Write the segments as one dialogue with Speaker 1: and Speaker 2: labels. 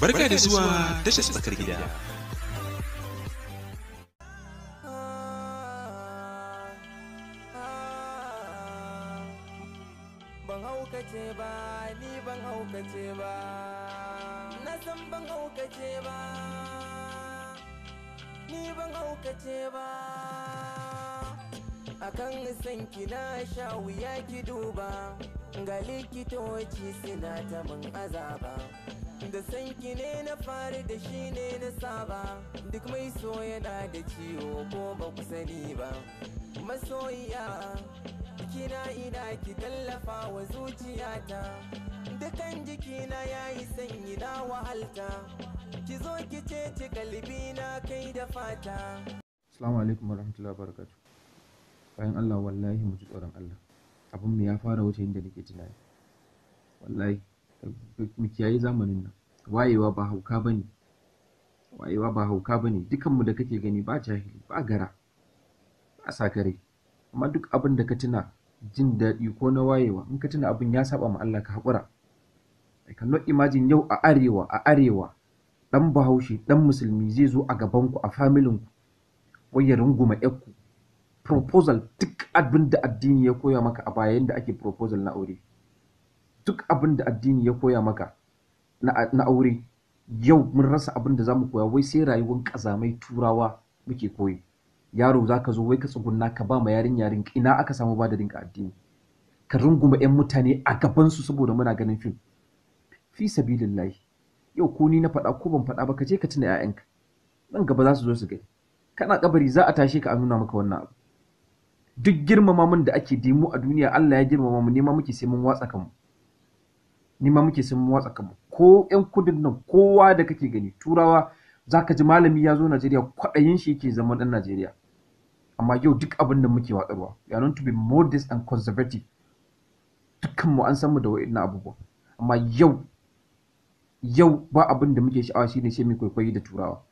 Speaker 1: Barka da zuwa tashar tsakar gida. Ban ba, ni ban haukace ba, na san ban ba, ga likitoci suna ta azaba. da sanki ne na fari da shi ne na saba duk mai so yana da ciwo ko ba ku sani ba masoyiya kina ina ki tallafa wa zuciyata dukan jikina yayi sanyi na wahalta ki zo ki ce kalbi na kai da fata assalamu alaikum warahmatullahi wabarakatuh bayan Allah wallahi mu ji tsoron Allah abin mu ya fara wuce inda nake tunani wallahi mu kiyaye zamanin nan wayewa ba hauka bane wayewa ba hauka bane dukan mu da kake gani ba jahili ba gara ba sakare amma duk abin da ka tuna jin daɗi ko na wayewa in ka tuna abin ya saba ma Allah ka haƙura I cannot imagine yau a arewa a arewa ɗan bahaushe ɗan musulmi zai zo a gabanku a familin ku ya runguma ku proposal duk abin da addini ya koya maka a bayan da ake proposal na aure duk abin da addini ya koya maka na aure yau mun rasa abin da za mu koya wai sai rayuwar kazamai turawa muke koyi yaro za ka zo wai ka tsugunna ka ba ma yarin yarin ina aka samu ba da dinka addini ka runguma yan mutane a gabansu saboda muna ganin fim fi sabilillahi yau ko ni na faɗa ko ban faɗa ba ka je ka tuna 'ya'yanka. nan gaba za su zo su gani kana kabari za a tashe ka a nuna maka wannan abu duk girmama mun da ake dimu a duniya Allah ya girmama mu nema muke sai mun watsa kanmu ni ma muke sun watsa kanmu ko yan kudin nan kowa da kake gani turawa zaka ji malami ya zo Najeriya kwaɗayin shi yake zama ɗan Najeriya amma yau duk abin da muke watsarwa we are to be modest and conservative dukkan mu an san mu da na abubuwa amma yau yau ba abin da muke sha'awa shine sai mu kwaikwayi da turawa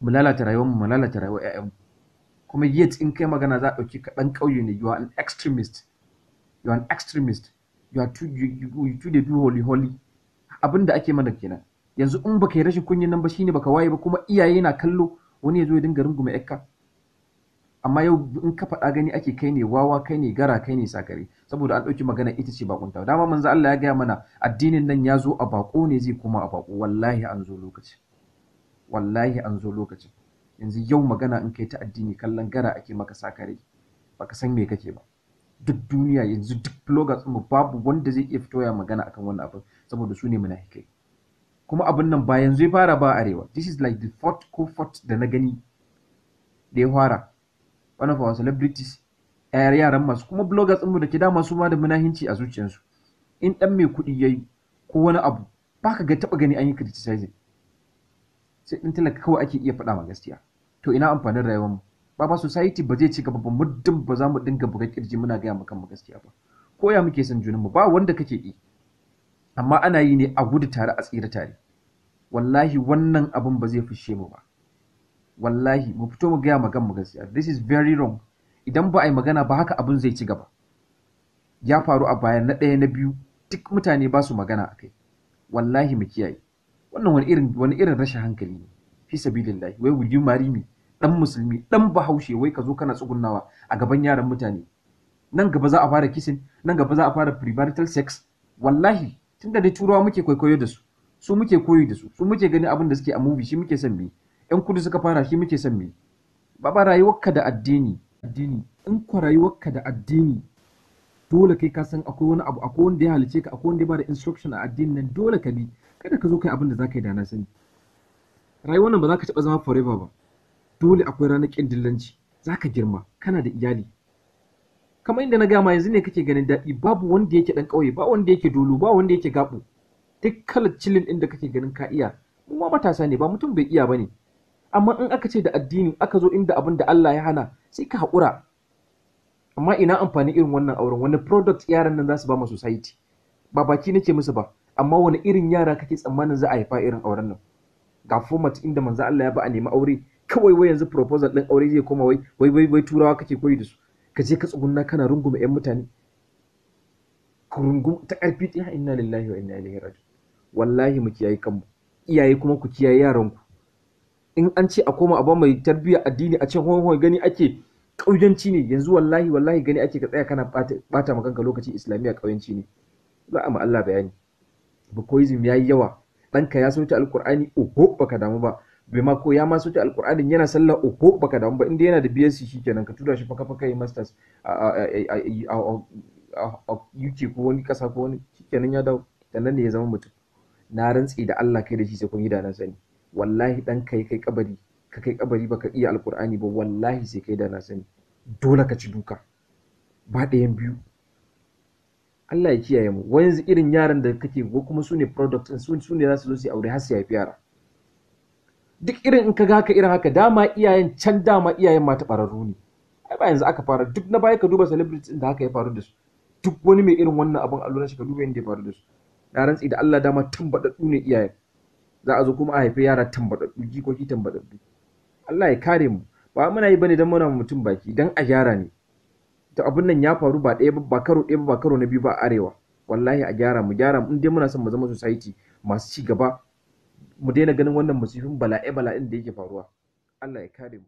Speaker 1: mu lalata rayuwar mu mu lalata rayuwar ƴaƴan kuma yet in kai magana za a ɗauki ka ɗan ƙauye ne you are an extremist you are an extremist you are too you, too do holy holy abin da ake mana kenan yanzu in baka yi rashin kunyin nan ba shine baka waye ba kuma iyaye na kallo wani ya zo ya dinga runguma yakka amma yau in ka faɗa gani ake kai ne wawa kai ne gara kai ne sakare saboda an ɗauki magana ita ce bakunta dama manzo Allah ya gaya mana addinin nan ya zo a bako ne zai kuma a bako wallahi an zo lokaci wallahi an zo lokacin yanzu yau magana in kai ta addini kallon gara ake maka sakare baka san me kake ba duk duniya yanzu duk bloggers mu babu wanda zai iya fito ya magana akan wannan abin saboda su ne munafikai kuma abin nan ba yanzu ya fara ba arewa this is like the fourth ko fourth da na gani da ya fara one of our celebrities yayar yaran masu kuma bloggers mu da ke dama su ma da munahinci a zuciyarsu in dan mai kuɗi yayi ko wani abu baka ga taba gani an yi criticizing sai din talaka kawai ake iya faɗa ma gaskiya to ina amfanin rayuwar mu Baba, society ba zai ci gaba ba muddin ba za mu dinga buga kirji muna gaya maka mu gaskiya ba ko ya muke son mu ba wanda kake yi amma ana yi ne a gudu tare a tsira tare wallahi wannan abin ba zai fushe mu ba wallahi mu fito mu gaya magan mu gaskiya this is very wrong idan ba a yi magana ba haka abin zai ci gaba ya faru a baya na ɗaya na biyu duk mutane ba su magana akai wallahi mu kiyaye wannan wani irin wani irin rashin hankali ne fi sabilillahi wai will you marry me dan musulmi dan bahaushe wai ka zo kana tsugunnawa a gaban yaran mutane nan gaba za a fara kissing nan gaba za a fara premarital sex wallahi tunda dai turawa muke kwaikwayo da su su muke koyi da su su muke gani abin da suke a movie shi muke son me yan kudu suka fara shi muke son me ba ba rayuwarka da addini addini in ka rayuwarka da addini dole kai ka san akwai wani abu akwai wanda ya halice ka akwai wanda ya bada instruction a addinin nan dole ka bi kada ka zo kai abin da zaka yi da na sani rayuwar nan ba za ka taba zama forever ba dole akwai ranar ƙin dillanci za ka girma kana da iyali kamar inda na gama yanzu ne kake ganin daɗi babu wanda yake ɗan ƙauye ba wanda yake dolo ba wanda yake gaɓo duk kalar cilin ɗin da kake ganin ka iya mu ma matasa ne ba mutum bai iya ba ne amma in aka ce da addini aka zo inda abin da Allah ya hana sai ka haƙura amma ina amfani irin wannan auren wani product yaran nan za su ba ma society ba baki nake musu ba amma wani irin yara kake tsammanin za a haifa irin auren nan ga format inda manzo Allah ya ba a nemi aure kawai wai yanzu proposal din aure zai koma wai wai wai turawa kake koyi da su ka je ka tsuguna kana rungume yan mutane rungu ta karfi ta inna lillahi wa inna ilaihi raji wallahi mu kiyaye kanmu iyaye kuma ku kiyaye yaranku in an ce a koma abu mai tarbiyya, addini a ce hon gani ake ƙauyanci ne yanzu wallahi wallahi gani ake ka tsaya kana bata maka kanka lokaci islamiyya ƙauyanci ne za a ma Allah bayani bukoizm ya yi yawa ɗanka ya sauta alkur'ani oho baka damu ba bai ma ya ma sauke alkur'anin yana sallah oho baka damu ba inda yana da BSc shikenan ka tura shi faka faka yi masters a UK ko wani kasa ko wani shikenan ya dawo sannan ne ya zama mutum na rantsi da Allah kai da shi sai kun yi da na sani wallahi dan kai kai kabari ka kai kabari baka iya alkur'ani ba wallahi sai kai da na sani dole ka ci duka ba ɗayan biyu Allah ya kiyaye mu wani irin yaran da kake ko kuma su ne product su ne za su zo su aure har su haifi yara duk irin in ka haka irin haka dama iyayen can dama iyayen mata ɓararru ne ai ba yanzu aka fara duk na baya ka duba celebrity da haka ya faru da su duk wani mai irin wannan abun a lura shi ka duba yadda ya faru da su na rantsi da Allah dama tambaɗaɗɗu ne iyayen za a zo kuma a haifi yara tambaɗaɗɗu jikoki tambaɗaɗɗu Allah ya kare mu ba muna yi ba ne don muna mutum baki don a gyara ne to abin nan ya faru ba ɗaya ba karo ɗaya ba karo na biyu ba a arewa wallahi a gyara mu gyara mu in dai muna son mu zama society masu ci gaba mu daina ganin wannan musifin bala'e bala'in da yake faruwa Allah ya kare mu